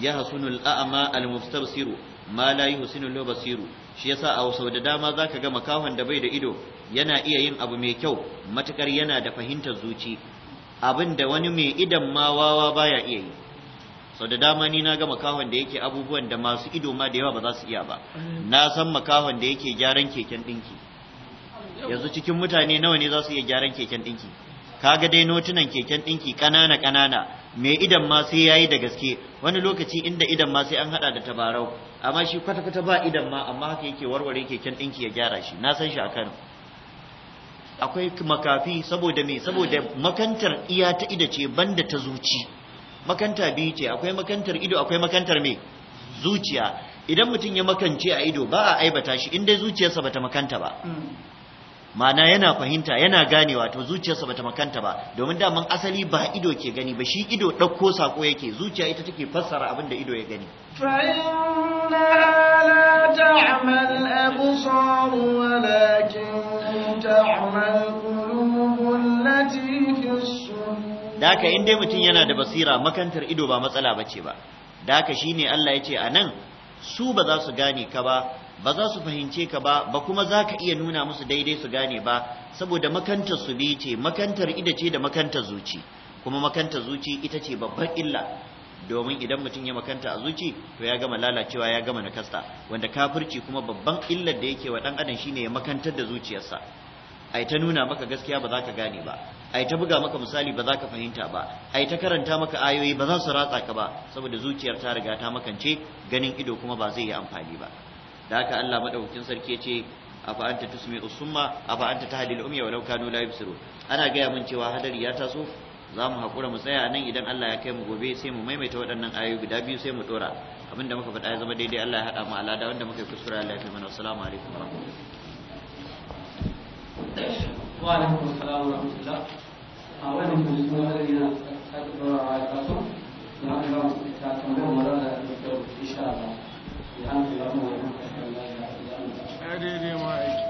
yahsunu al-a'ma al-mubtarsiru ma la al-basiru shi yasa a sau da dama zaka ga makahon da bai da ido yana iya yin abu mai kyau matukar yana da fahimtar zuci abin da wani mai idan ma wawa baya iya yi sau da dama ni na ga makahon da yake abubuwan da masu ido ma da yawa ba za su iya ba na san makahon da yake gyaran keken dinki yanzu cikin mutane nawa ne za su iya gyaran keken ɗinki? kaga dai notunan keken ɗinki ƙanana ƙanana me idan ma sai yayi da gaske wani lokaci inda idan ma sai an hada da tabarau amma shi kwata kwata ba idan ma amma haka yake warware keken ɗinki ya gyara shi na san shi a Kano akwai makafi saboda me saboda makantar iya ta ida ce banda ta zuci makanta biyu ce akwai makantar ido akwai makantar me zuciya idan mutum ya makance a ido ba a aibata shi in dai zuciyarsa bata makanta ba mm. ma'ana yana fahimta yana ganewa to zuciyarsa bata makanta ba domin daman asali ba ido ke gani ba shi ido ɗauko sako yake zuciya ita take fassara abin da ido ya gani da haka in dai mutum yana da basira makantar ido ba matsala bace ba daka haka shine Allah ya ce a su ba za su gane ka ba ba za su fahimce ka ba ba kuma za ka iya nuna musu daidai su gane ba saboda makantar su bi ce makantar ida ce da makantar zuci kuma makantar zuci ita ce babban illa domin idan mutum ya makanta a zuci to ya gama lalacewa ya gama nakasta wanda kafirci kuma babban illar da yake wa dan adam shine ya makantar da zuciyarsa ai ta nuna maka gaskiya ba za ka gane ba ai ta buga maka misali ba za ka fahimta ba ai ta karanta maka ayoyi ba za su ratsa ka ba saboda zuciyar ta riga ta makance ganin ido kuma ba zai yi amfani ba da haka Allah madaukakin sarki ce afa anta tusmi'u summa afa anta al umya walau kanu la yubsirun ana gaya mun cewa hadari ya taso za mu haƙura mu tsaya nan idan Allah ya kai mu gobe sai mu maimaita waɗannan ayoyi guda biyu sai mu ɗora abinda muka faɗa ya zama daidai Allah ya haɗa mu alada wanda muka yi kuskure Allah ya fi mana assalamu alaikum wa rahmatullahi wa alaikum assalam wa rahmatullah a wannan kuma suna da yana a ƙasar da ya na ga ta tambayar mu da insha Allah ya daidai ma aiki